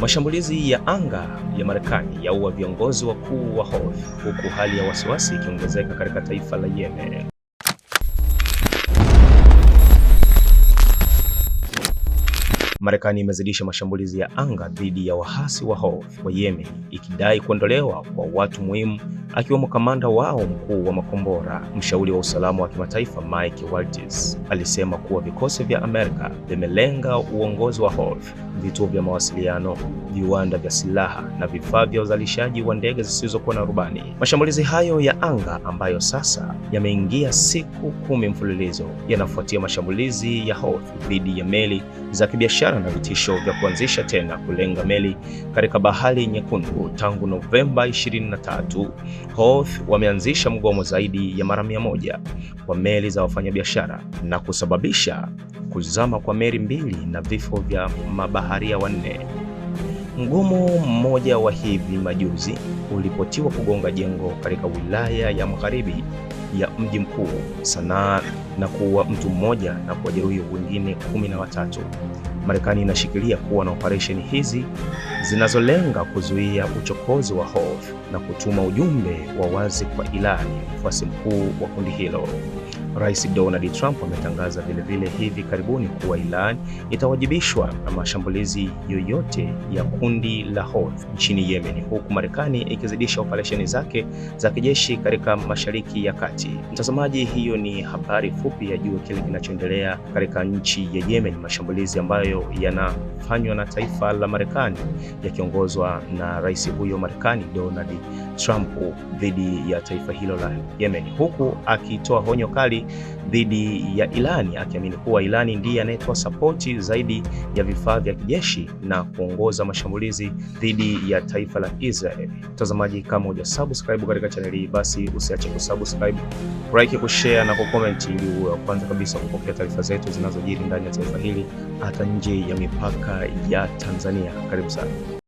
Mashambulizi ya anga ya Marekani yaua viongozi wakuu wa Houthi huku hali ya wasiwasi ikiongezeka katika taifa la Yemen. Marekani imezidisha mashambulizi ya anga dhidi ya wahasi wa Houthi wa Yemen ikidai kuondolewa kwa watu muhimu akiwemo kamanda wao mkuu wa makombora. Mshauri wa usalama wa kimataifa Mike Waltz alisema kuwa vikosi vya Amerika vimelenga uongozi wa Houthi, vituo vya mawasiliano, viwanda vya silaha na vifaa vya uzalishaji wa ndege zisizokuwa na rubani. Mashambulizi hayo ya anga ambayo sasa yameingia siku kumi mfululizo yanafuatia mashambulizi ya Houthi dhidi ya meli za kibiashara na vitisho vya kuanzisha tena kulenga meli katika Bahari Nyekundu tangu Novemba 23. Houthi wameanzisha mgomo zaidi ya mara mia moja kwa meli za wafanyabiashara na kusababisha kuzama kwa meli mbili na vifo vya mabaharia wanne. Mgomo mmoja wa hivi majuzi ulipotiwa kugonga jengo katika wilaya ya magharibi ya mji mkuu Sanaa na kuua mtu mmoja na kuwajeruhi wengine kumi na watatu. Marekani inashikilia kuwa na operesheni hizi zinazolenga kuzuia uchokozi wa hofu na kutuma ujumbe wa wazi kwa ilani mfuasi mkuu wa kundi hilo. Rais Donald Trump ametangaza vilevile hivi karibuni kuwa Iran itawajibishwa na mashambulizi yoyote ya kundi la Houthi nchini Yemen, huku Marekani ikizidisha operesheni zake za kijeshi katika Mashariki ya Kati. Mtazamaji, hiyo ni habari fupi ya juu kile kinachoendelea katika nchi ya Yemen, mashambulizi ambayo yana yanayofanywa na taifa la Marekani yakiongozwa na rais huyo Marekani Donald Trump dhidi ya taifa hilo la Yemen, huku akitoa honyo kali dhidi ya Irani akiamini kuwa Irani ndiye anayetoa sapoti zaidi ya vifaa vya kijeshi na kuongoza mashambulizi dhidi ya taifa la Israel. Mtazamaji, kama uja subscribe katika chaneli hii, basi usiache kusubscribe, like, kushare na kucomment ili uwe wa kwanza kabisa kupokea taarifa zetu zinazojiri ndani ya taifa hili hata nje ya mipaka ya Tanzania. Karibu sana.